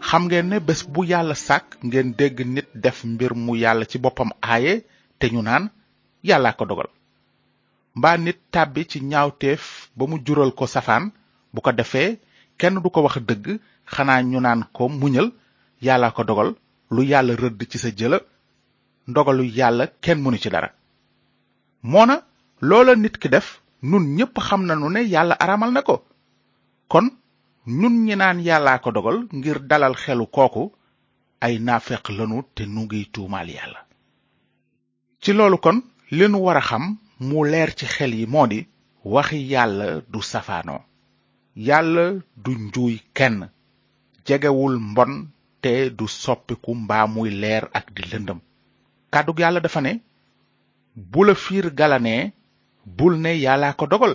xam ngeen ne bés bu yàlla sàkk ngeen dégg nit def mbir mu yàlla ci boppam aaye te ñu naan yàlla ko dogal mbaa nit tàbbi ci ñaawteef ba mu jural ko safaan bu ko defee kenn du ko wax dëgg xanaa ñu naan ko muñal yàlla ko dogal lu yàlla rëdd ci sa jëla ndogalu yàlla kenn mënu ci dara moona loola nit ki def nun ñépp xam na nanu ne yàlla aramal na ko kon ñun ñi naan yàllaa ko dogal ngir dalal xelu kooku ay naafeq lanu te nu ngiy tuumaal yàlla ci loolu kon li nu war a xam mu leer ci xel yi moo di waxi yàlla du safaanoo yàlla du njuuy kenn jegewul mbon te du soppiku mbaa muy leer ak di lëndëm kàddug yàlla dafa ne bula fiir galanee bul ne yàllaa ko dogal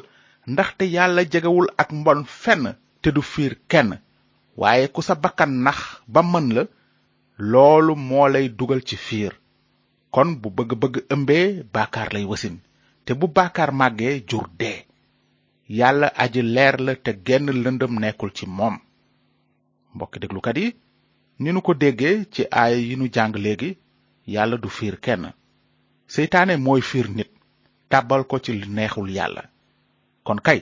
ndaxte yàlla jegewul ak mbon fenn te du fiir kenn waaye ku sa bakkan nax ba mën la loolu moo lay dugal ci fiir kon bu bëgg-bëgg ëmbee baakaar lay wasin te bu baakaar màggee jur dee yàlla aji leer la te genn lëndëm nekkul ci moom mbokki déglukat yi ni nu ko déggee ci aay yi nu jàng léegi yàlla du fiir kenn seytaane mooy fiir nit tàbbal ko ci li neexul yàlla kon kay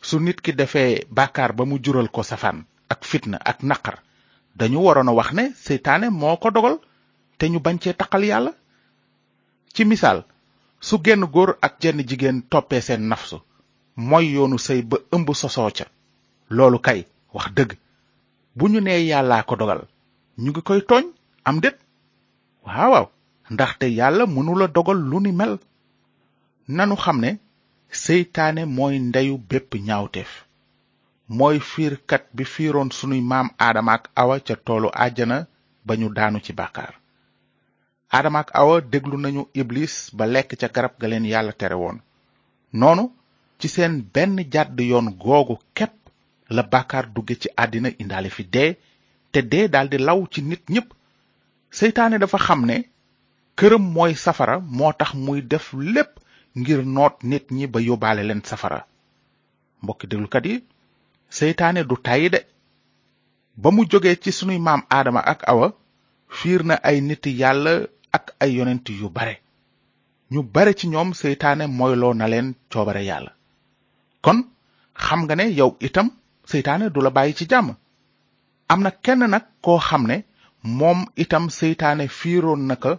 su nit ki defee bàkkaar ba mu jural ko safaan ak fitna ak naqar dañu waroon a wax ne seytaane moo ko dogal te ñu bañ cee taqal yàlla ci misaal su genn góor ak jenn jigéen toppee seen nafsu mooy yoonu sëy ba ëmb sosoo ca loolu kay wax dëgg bu ñu nee yàllaa ko dogal ñu ngi koy tooñ am déet waaw waaw ndaxte yàlla mënula dogal lu ni mel nanu xam ne seytaane mooy ndeyu bépp ñaawteef mooy fiirkat bi fiiroon sunuy maam aadama awa ca toolu àjjana ba ñu daanu ci bàkkaar aadama ak awa déglu nañu iblis ba lekk ca garab ga leen yàlla tere woon noonu ci seen benn jàdd yoon googu képp la bàkkaar dugge ci àddina indaale fi dee te dee daldi law ci nit ñépp seytaane dafa xam ne këram mooy safara moo tax muy def lépp ngir noot nit ñi ba yóbbaale leen safara mbokki déglukat yi seytaane du tàyyi de ba mu jógee ci sunuy maam aadama ak awa fiir na ay nit yàlla ak ay yonent yu bare ñu bare ci ñoom seytaane moyloo na leen coobare yàlla kon xam nga ne yow itam seytaane du la bàyyi ci jàmm am na kenn nag koo xam ne moom itam seytaane fiiroon na ko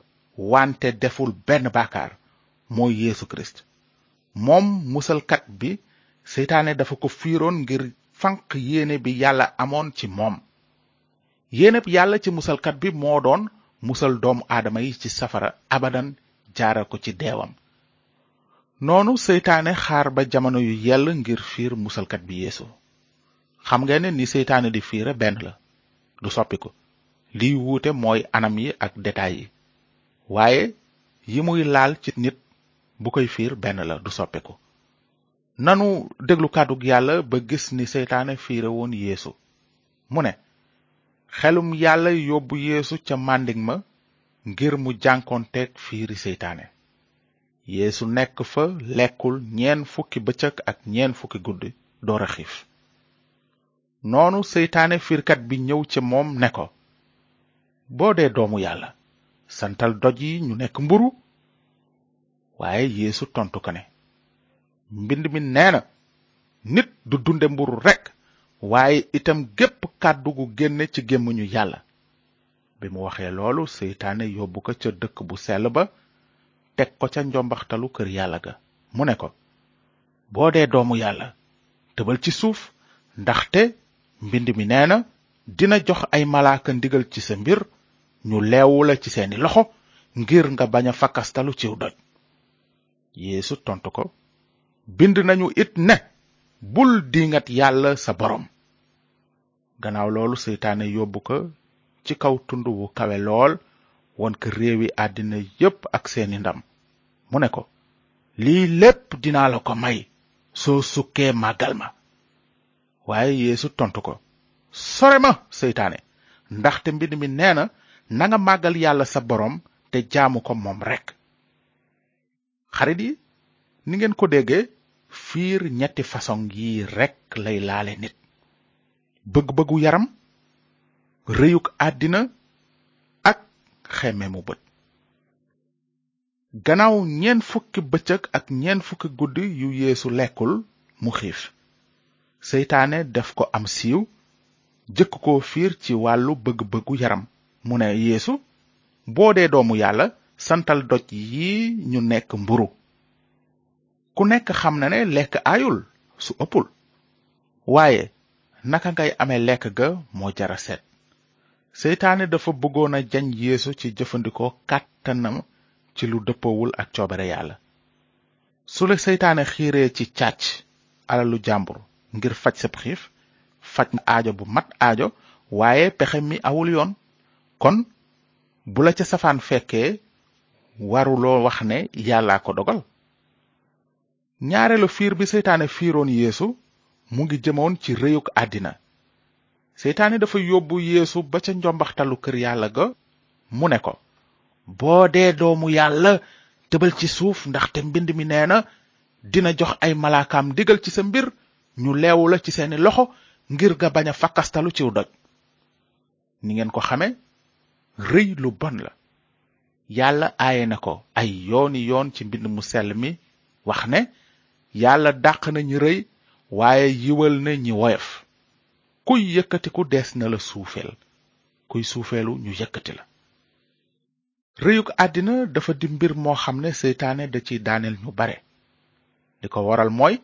wante deful benn baakaar mooy Yeesu Kirist moom musalkat bi seytaane dafa ko fiiroon ngir fanq yéene bi yàlla amoon ci moom yéeneb yàlla ci musalkat bi moo doon musal doomu aadama yi ci safara abadan jaara ko ci deewam noonu seytaane xaar ba jamono yu yell ngir fiir musalkat bi yéesu xam nga ne ni seytaane di fiire benn la du soppiku liy wuute mooy anam yi ak détail yi waaye yi muy laal ci nit bu koy fiir benn la du soppeku nanu déglu kàddug yàlla ba gis ni seytaane fiire woon yeesu mu ne xelum yàlla yóbbu yéesu ca màndik ma ngir mu jànkoonteeg fiiri seytaane yéesu nekk fa lekkul ñeen fukki bëccëg ak ñeen fukki guddi door noonu seytaane fiirkat bi ñëw ca moom ne ko boo dee doomu yàlla santal doj yi ñu nekk mburu waaye yeesu tontu ko ne mbind mi nee na nit du dunde mburu rekk waaye itam gépp kàddu gu génne ci gémmiñu yàlla bi mu waxee loolu seytaane yóbbu ko ca dëkk bu sell ba teg ko ca njombaxtalu kër yàlla ga mu ne ko boo dee doomu yàlla tëbal ci suuf ndaxte mbind mi nee na dina jox ay malaaka ndigal ci sa mbir ñu leewu la ci seeni loxo ngir nga bañ a fakkastalu ciw doj yeesu tontu ko bind nañu it ne bul diingat yàlla sa boroom gannaaw loolu seytaane yóbbu ko ci kaw tund wu kawe lool won ko réewi àddina yépp ak seeni ndam mu ne ko lii lépp dinaa la ko may soo sukkee màggal ma waaye yeesu tontu ko sore ma seytaane ndaxte mbind mi nee na nanga màggal yàlla sa borom te jaamu ko moom rekk xarit yi ni ngeen ko dégge fiir ñetti façon yi rekk lay laale nit bëgg-bëggu yaram rëyuk àddina ak xeme mu bët gannaaw ñeen fukki bëccëg ak ñeen fukki guddi yu yéesu lekkul mu xiif seytaane def ko am siiw jëkk ko fiir ci wàllu bëgg-bëggu yaram mu ne yéesu boo dee doomu yàlla santal doj yi ñu nekk mburu ku nekk xam na ne lekk ayul su ëppul waaye naka ngay ame lekk ga moo jara seet seytaane dafa bëggoon a jañ yeesu ci jëfandikoo kàttanam ci lu dëppowul ak coobare yàlla su la seytaane xiiree ci càcc alalu jàmbur ngir faj sab xiif faj aajo bu mat aajo waaye pexe mi awul yoon kon bu ca safaan fekkee waruloo wax ne yàllaa ko dogal ñaareelu fiir bi seytaane fiiroon yéesu mu ngi jëmoon ci réyug àddina seytaane dafa yóbbu yéesu ba ca njombaxtalu kër yàlla ga mu ne ko boo dee doomu yàlla tëbal ci suuf ndaxte mbind mi nee na dina jox ay malaakam digal ci sa mbir ñu leewu la ci seeni loxo ngir nga bañ a fakkastalu ciw doj ni ngeen ko xame rëy lu bon la yàlla aaye na ko ay yooni yoon ci mbind mu sell mi wax ne yàlla dàq na ñi rëy waaye yiwal na ñi woyof kuy yëkkatiku dees na la suufeel kuy suufeelu ñu yëkkati la rëyuk àddina dafa di mbir moo xam ne seytaane da ci daaneel ñu bare li ko waral mooy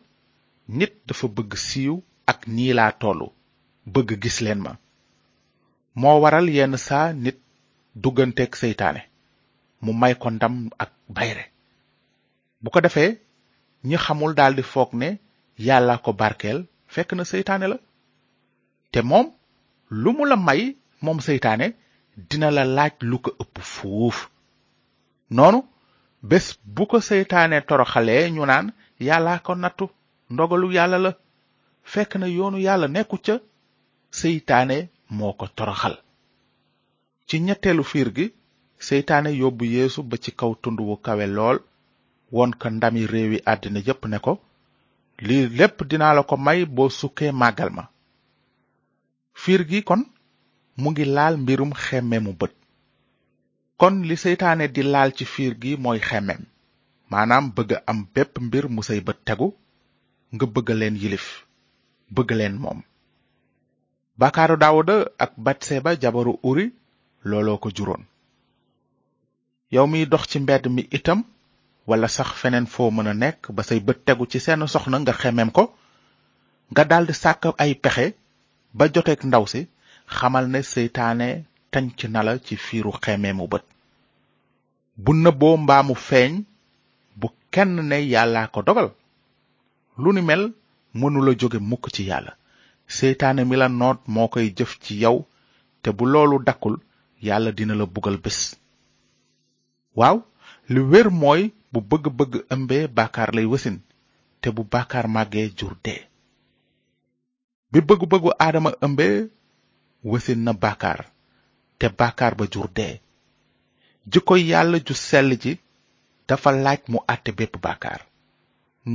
nit dafa bëgg siiw ak nii laa tollu bëgg gis leen ma moo waral yenn saa nit dugganteek seytaane mu may ko ndam ak bayre bu ko defee ñi xamul daldi foog ne yàlla ko barkeel fekk na seytaane la te moom lu mu la may moom seytaane dina la laaj lu ko ëpp fuuf noonu bés bu ko seytaane toroxalee ñu naan yàlla ko nattu ndogalu yàlla la fekk na yoonu yàlla nekku ca seytaane moo ko toroxal ci ñetteelu fiir gi seytaane yóbbu yeesu ba ci kaw tund wu kawe lool won ko ndami réewi àddina yépp ne ko lii lépp dinaa la ko may boo sukkee màggal ma fiir gi kon mu ngi laal mbirum xemme bët kon li seytaane di laal ci fiir gi mooy xemmem maanaam bëgg am bépp mbir mu say bët tegu nga bëgg leen yilif bëgg leen moom bakaaru daawuda ak batseba jabaru uri looloo ko juróon yow mi dox ci mbedd mi itam walla sax feneen foo mën a nekk ba say bët tegu ci seen soxna nga xemem ko nga daldi sàkk ay pexe ba joteeg ndaw si xamal ne seytaane tanc nala ci fiiru xememu bët bu nëbboo mbaamu feeñ bu kenn ne yàlla ko dogal lu ni mel mënula jóge mukk ci yàlla seytaane mi la noot moo koy jëf ci yow te bu loolu dakkul yàlla dina la bugal bés waaw lu wér mooy bu bëgg-bëgg ëmbee baakaar lay wësin te bu baakaar màggee jur bi bëgg-bëggu aadama ëmbee wësin na baakaar te baakaar ba jur dee jikko yàlla ju sell ji dafa laaj mu àtte bépp baakaar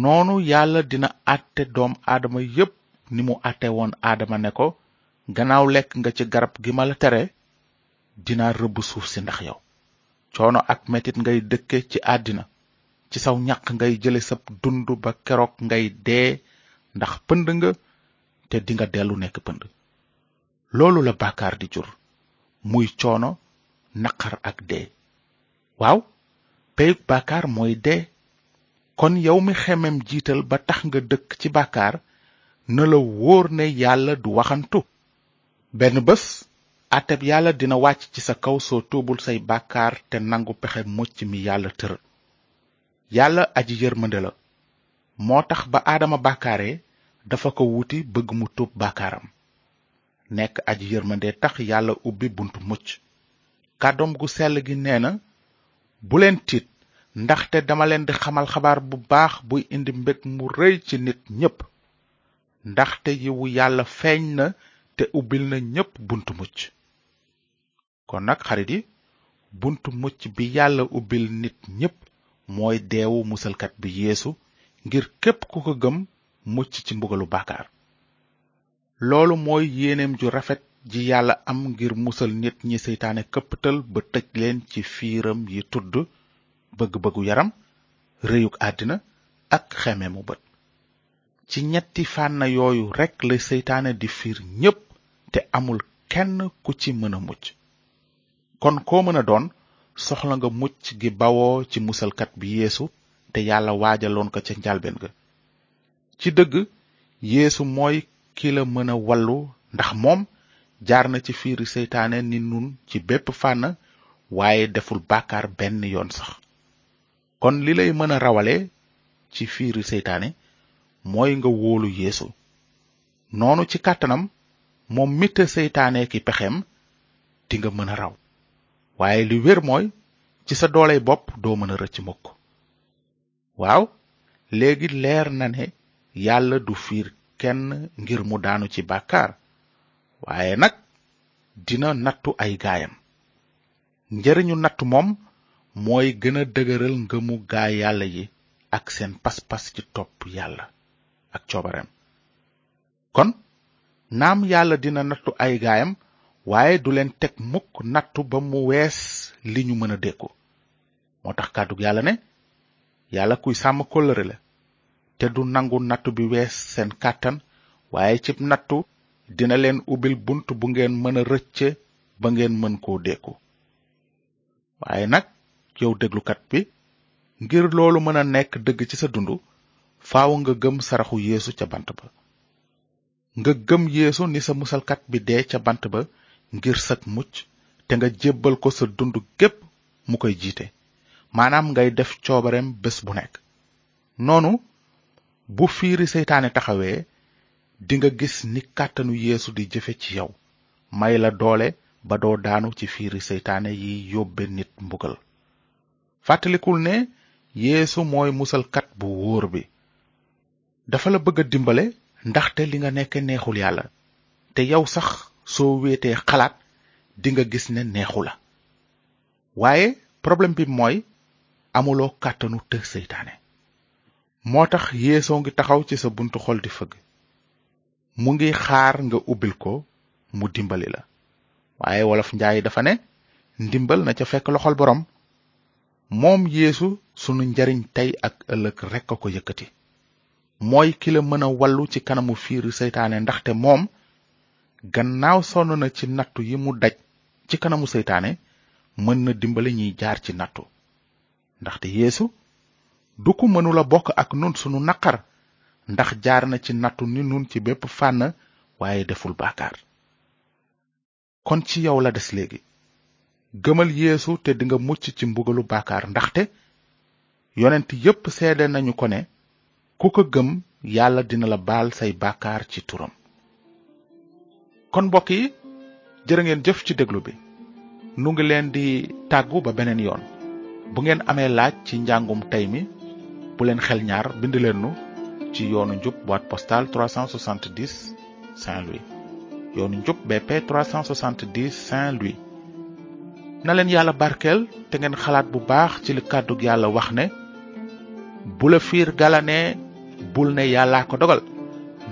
noonu yàlla dina àtte doom aadama yépp ni mu àtte woon aadama ne ko gannaaw lekk nga ci garab gi ma la tere dinaa rëbb suuf si ndax yow coono ak metit ngay dëkke ci àddina ci saw ñaq ngay jële sab dund ba keroog ngay dee ndax pënd nga te dinga dellu nekk pënd loolu la bàkkaar di jur muy coono naqar ak dee waaw peyug bàkkaar mooy dee kon yow mi xemem jiital ba tax nga dëkk ci bàkkaar na la wóor ne yàlla du waxantu benn bés àtteb yàlla dina wàcc ci sa kaw soo tuubul say bàkkaar te nangu pexe mucc mi yàlla tëral yàlla aji yërmande la moo tax ba aadama bàkkaare dafa ko wuti bëgg mu tuub bàkkaaram nekk aji yërmande tax yàlla ubbi buntu mucc kàddoom gu sell gi nee na bu leen tiit ndaxte dama leen di xamal xabaar bu baax buy indi mbég mu rëy ci nit ñépp ndaxte yiwu yàlla feeñ na te ubbil na ñépp buntu mucc kon nag xarit yi buntu mucc bi yàlla ubbil nit ñépp mooy deewu musalkat bi yéesu ngir képp ku ko gëm mucc ci mbugalu bàkkaar loolu mooy yéeneem ju rafet ji yàlla am ngir musal nit ñi seytaane këppatal ba tëj leen ci fiiram yi tudd bëgg-bëggu yaram rëyug àddina ak xeme mu bët ci ñetti fànna yooyu rekk la seytaane di fiir ñépp te amul kenn ku ci mëna mucc kon ko mëna doon soxla nga mucc gi bawoo ci musalkat bi yeesu te yàlla waajaloon ko ca njalbeen ga ci dëgg yeesu mooy ki la mën a ndax moom jaar na ci fiiri seytaane ni nun ci bépp fànn waaye deful bàkkaar benn yoon sax kon li lay mën rawale ci fiiri seytaane mooy nga wóolu yeesu noonu ci kàttanam moom mitte seytaane ki pexem di nga mën raw waaye li wér mooy ci sa dooley bopp doo mën a rëcc mukk waaw léegi leer na ne yàlla du fiir kenn ngir mu daanu ci bàkkaar waaye nag dina nattu ay gaayam njariñu natt moom mooy gëna a dëgëral ngëmu gaa yàlla yi ak seen pas-pas ci topp yàlla ak coobareem kon naam yàlla dina nattu ay gaayam waaye du leen teg mukk nattu ba mu wees li ñu mën a dékku moo tax kàddug yàlla ne yàlla kuy sàmm kóllëre la te du nangu nattu bi wees seen kàttan waaye cib nattu dina leen ubbil bunt bu ngeen mën a rëcce ba ngeen mën koo dékku waaye nag yow déglukat bi ngir loolu mën a nekk dëgg ci sa dund faaw nga gëm saraxu yeesu ca bant ba nga gëm yeesu ni sa musalkat bi dee ca bant ba ngir sag mucc te nga jébbal ko sa dund gépp mu koy jiite maanaam ngay def coobareem bés bu nekk noonu bu fiiri seytaane taxawee dinga gis ni kàttanu yéesu di jëfe ci yow may la doole ba doo daanu ci fiiri seytaane yi yóbbe nit mbugal fàttalikul ne yéesu mooy musalkat bu wóor bi dafa la bëgg a dimbale ndaxte li nga nekk neexul yàlla te yow sax soo wéetee xalaat di nga gis ne neexu la waaye problème bi mooy amuloo kàttanu të seytaane moo tax yéesoo ngi taxaw ci sa buntu xol di fëgg mu ngi xaar nga ubbil ko mu dimbali la waaye wolof njaay dafa ne ndimbal na ca fekk loxol boroom moom yéesu sunu njariñ tey ak ëllëg rekk a ko yëkkati mooy ki la mën a wallu ci kanamu fiiru seytaane ndaxte moom gannaaw sonn na ci nattu yi mu daj ci kanamu seytaane mën na dimbale ñiy jaar ci nattu ndaxte yéesu du ku mënula bokk ak nun sunu naqar ndax jaar na ci nattu ni nun ci bépp fànn waaye deful baakaar kon ci yow la des léegi gëmal yéesu te dinga mucc ci mbugalu baakaar ndaxte yonent yépp seede nañu ko ne ku ko gëm yàlla dina la baal say baakaar ci turam kon mbokk yi jërë ngeen jëf ci déglu bi nu ngi leen di tàggu ba beneen yoon bu ngeen amee laaj ci njàngum tey mi bu leen xel ñaar bind leen nu ci yoonu njub boîte postale 370 saint louis yoonu njub bp 370 saint louis na leen yàlla barkeel te ngeen xalaat bu baax ci li kàddug yàlla wax ne bu la fiir galanee bul ne yàllaa ko dogal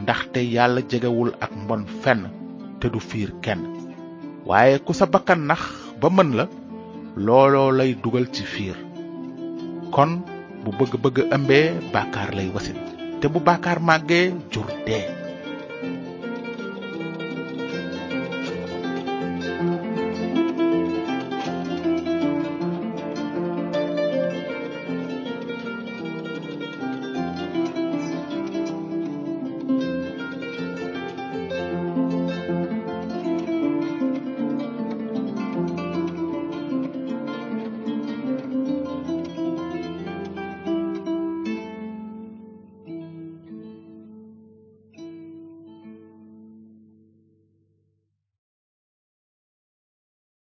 ndaxte yàlla jegewul ak mbon fenn te du fiir kenn waaye ku sa bakkan nax ba mën la looloo lay dugal ci fiir kon bu bëgg-bëgg ëmbee bàkkaar lay wasit. te bu bàkkaar màggee jur